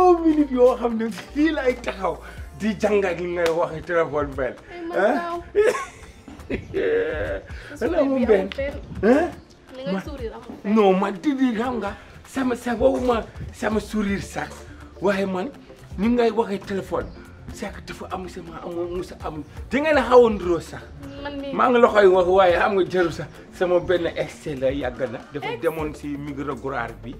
juróom minutes yoo xam ne fii taxaw di jàngat li ngay waxi téléphone benn. ah ala moom benn ah. sama sa sama sourire sax waaye man ni ngay waxee téléphone sax dafa am sama amoon musa am di ngeen a xaw a sax. maa nga la koy wax waaye am nga jëru sax sama benn excès la yàgg na dafa demoon si micro bi.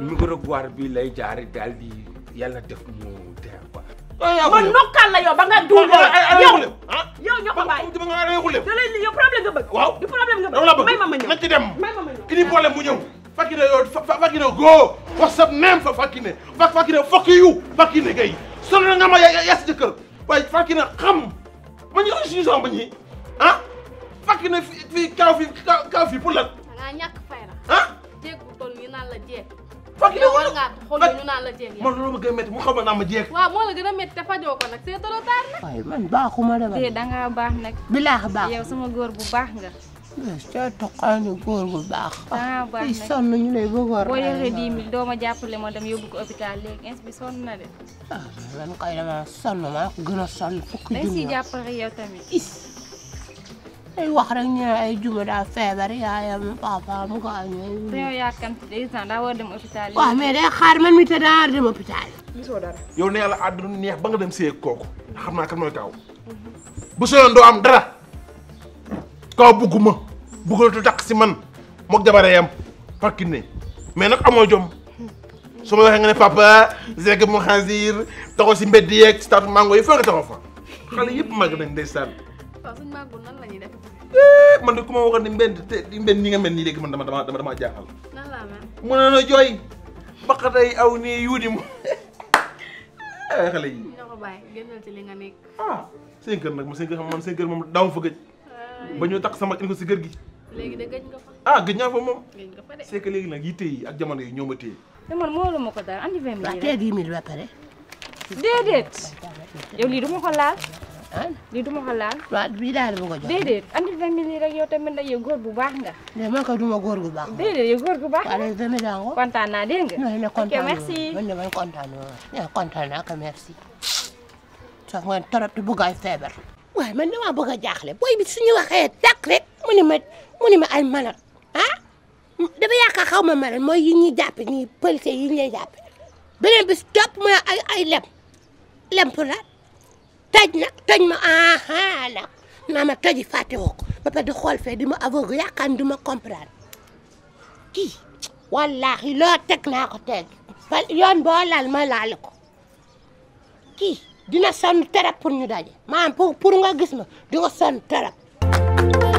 miroir bi lay jaari daal di yàlla def mu teew quoi. man nokkal la yow ba nga duul yow yow ñoo ah? ko bàyyi da lay li yow problème nga bëgg. waaw du problème nga bëgg may ma ma ñëw nañ ci dem. may ma ma ñëw indi problème mu ñëw. fakkine yoo fakkine go whatsapp même fa fakkine fakkine fokk yu fakkine gay sonal nga ma yas jëkkër waaye fakkine xam ma ñu réussir sama bañ yi ah fakkine fii kaw fii kaw fii pour lan. ñàkk xool ñu naan la jeeg man loolu gën a métti mu xaw ma naa ma jeeg moo la gën a métti te fajoo ko nag c'est trop tard nag waaye man baaxuma dama dee dangaa baax nag bilaax baax yow sama góor bu baax nga ca toqaani góor bu baax dangaa baax nag sonn ñu lay bëgg a boo yoree dix mille doo ma jàppale ma dem yóbbu ko hôpital léegi bi sonn na de ah, man kay dama sonn maa ko gën a sonn fukki junni dañ si jàppale yow tamit ay wax ay juma daa feebar yaayam papaam gaañu. te yow ne yàlla àdduna neex ba nga dem see kooku xam naa kan mooy kaw. bu soyoon doo am dara kaw bugguma buggatu takk si man moog jabaree yam fakki nag amoo jom su ma waxee nga papa Zeke mu xasir taxaw si mbedd yeeg si taatu mango yi foo nga taxaw fa xale yëpp màgg nañ ndeysaan. waaw suñu màggul nan la ñuy def. Eh, man de ku ma waxoon ne mbënd te mbënd ñi nga mel nii léegi man dama dama dama jaaxal. nan laa mel. mu ne la jooy baqatay aw nii yuudi mu eh, xale yi. dina ko bàyyi génnal ci li nga nekk. ah seen kër nag man seen kër man seen moom daaw fa gëj. ba ñu tax sama in ko si kër gi. léegi de gëj nga fa. ah gëj naa fa moom. gëj léegi nag yitte yi ak jamono yi ñoo ma téye. te eh, man moolu ma ko dara andi vingt mille. waaw tey dix lii du ma ko laal. ah lii du ma ko laal. waaw bii daal ma ko jox déedéet andi vingt mille yi rek yow tamit nag yow góor bu baax nga. mais man ko du ma góor bu baax. déedéet yow góor bu baax. waaw dama jàngoo kontaan naa dégg nga. ok merci man de man kontaan naa kontaan naa ko merci. sax man trop te bëgg ay feebar. waaye man damaa bëgg a jaaxle booy bi suñu waxee tàq rek mu ne ma mu ne ma ay malade ah dafa yaakaar xaw ma malade mooy yi ñuy jàpp nii policier yi ñuy jàpp beneen bis topp mooy ay ay lem lem pour la. taj na taj ma aha na ma taji fàtte woo ko ba pare di xool fee di ma aveugle yaakaar ni du ma comprendre kii wallaahi loo teg naa ko teg yoon boo laal ma laal ko kii dina sonn terap pour ñu daje maanaam pour pour nga gis ma di nga sonn terap